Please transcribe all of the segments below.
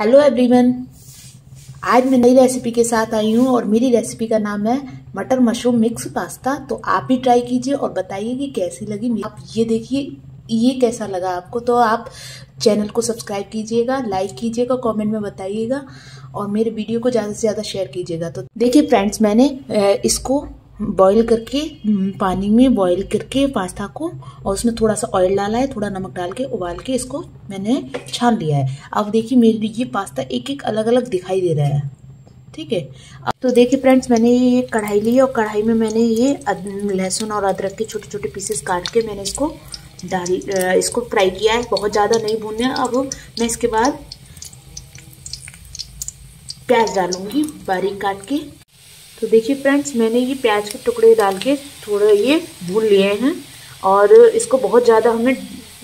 hello everyone आज मैं नई रेसिपी के साथ आई हूँ और मेरी रेसिपी का नाम है मटर मशरूम मिक्स पास्ता तो आप भी ट्राई कीजिए और बताइए कि कैसी लगी आप ये देखिए ये कैसा लगा आपको तो आप चैनल को सब्सक्राइब कीजिएगा लाइक कीजिएगा कमेंट में बताइएगा और मेरे वीडियो को ज़्यादा से ज़्यादा शेयर कीजिएगा तो देखिए फ्रेंड्स मैंने इसको बॉईल करके हम्म, पानी में बॉईल करके पास्ता को और उसमें थोड़ा सा ऑयल डाला है थोड़ा नमक डाल के उबाल के इसको मैंने छान लिया है अब देखिए मेरे ये पास्ता एक एक अलग अलग दिखाई दे रहा है ठीक है अब तो देखिए फ्रेंड्स मैंने ये कढ़ाई ली और कढ़ाई में मैंने ये लहसुन और अदरक के छोटे छोटे पीसेस काट के मैंने इसको डाल इसको फ्राई किया है बहुत ज़्यादा नहीं भूनने अब मैं इसके बाद प्याज डालूंगी बारीक काट के तो देखिए फ्रेंड्स मैंने ये प्याज के टुकड़े डाल के थोड़ा ये भून लिए हैं और इसको बहुत ज़्यादा हमें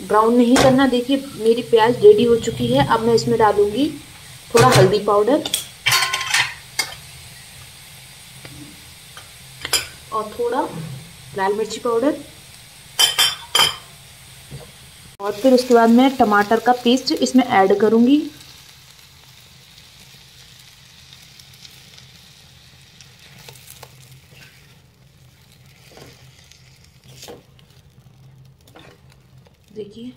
ब्राउन नहीं करना देखिए मेरी प्याज रेडी हो चुकी है अब मैं इसमें डालूँगी थोड़ा हल्दी पाउडर और थोड़ा लाल मिर्ची पाउडर और फिर उसके बाद मैं टमाटर का पेस्ट इसमें ऐड करूँगी देखिए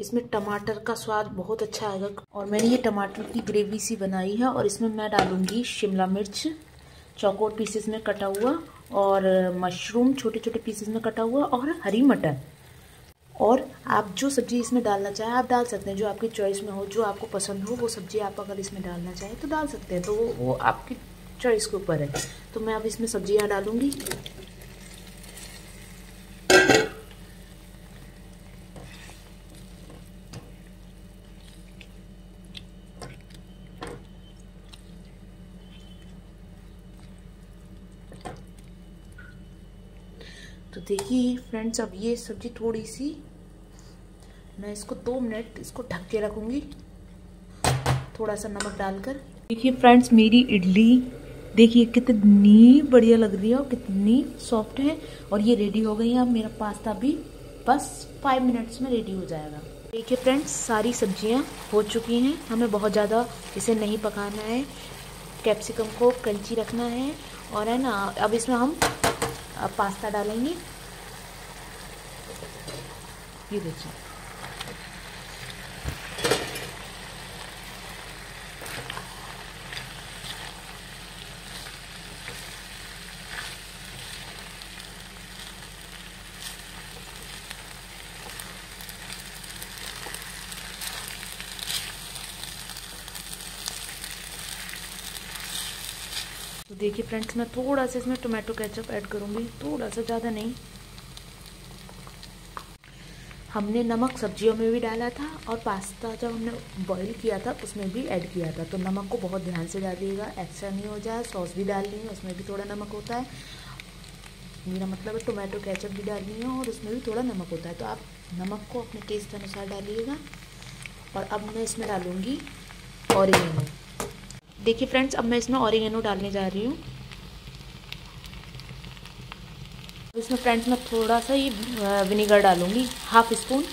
इसमें टमाटर का स्वाद बहुत अच्छा आएगा और मैंने ये टमाटर की ग्रेवी सी बनाई है और इसमें मैं डालूंगी शिमला मिर्च चौकोर पीसेस में कटा हुआ और मशरूम छोटे छोटे पीसेस में कटा हुआ और हरी मटर और आप जो सब्ज़ी इसमें डालना चाहें आप डाल सकते हैं जो आपकी चॉइस में हो जो आपको पसंद हो वो सब्ज़ी आप अगर इसमें डालना चाहें तो डाल सकते हैं तो वो वो आपकी चॉइस के ऊपर है तो मैं अब इसमें सब्जियाँ डालूँगी तो देखिए फ्रेंड्स अब ये सब्जी थोड़ी सी मैं इसको दो मिनट इसको ढक के रखूँगी थोड़ा सा नमक डालकर देखिए फ्रेंड्स मेरी इडली देखिए कितनी बढ़िया लग रही है और कितनी सॉफ्ट है और ये रेडी हो गई है अब मेरा पास्ता भी बस फाइव मिनट्स में रेडी हो जाएगा देखिए फ्रेंड्स सारी सब्जियां हो चुकी हैं हमें बहुत ज़्यादा इसे नहीं पकाना है कैप्सिकम को कंची रखना है और है ना अब इसमें हम पास्ता डालेंगे ये देखिए देखिए फ्रेंड्स मैं थोड़ा सा इसमें टोमेटो केचप ऐड करूँगी थोड़ा सा ज़्यादा नहीं हमने नमक सब्जियों में भी डाला था और पास्ता जब हमने बॉईल किया था उसमें भी ऐड किया था तो नमक को बहुत ध्यान से डालिएगा एक्स्ट्रा नहीं हो जाए सॉस भी डालनी है उसमें भी थोड़ा नमक होता है मेरा मतलब है टोमेटो केचप भी डालनी है और उसमें भी थोड़ा नमक होता है तो आप नमक को अपने टेस्ट अनुसार डालिएगा और अब मैं इसमें डालूँगी ऑरिगेनो देखिए फ्रेंड्स अब मैं इसमें ऑरिगेनो डालने जा रही हूँ इसमें फ्रेंड्स मैं थोड़ा सा ये विनेगर डालूंगी हाफ स्पून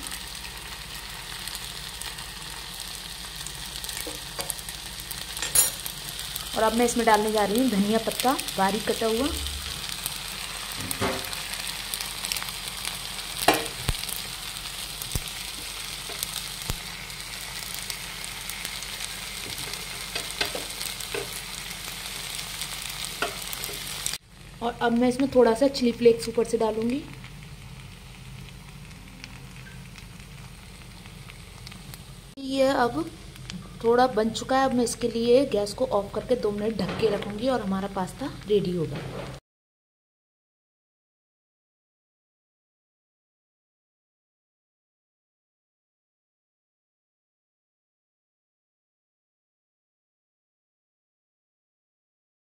और अब मैं इसमें डालने जा रही हूँ धनिया पत्ता बारीक कटा हुआ और अब मैं इसमें थोड़ा सा चिली फ्लेक्स ऊपर से डालूँगी ये अब थोड़ा बन चुका है अब मैं इसके लिए गैस को ऑफ करके दो मिनट ढक के रखूँगी और हमारा पास्ता रेडी होगा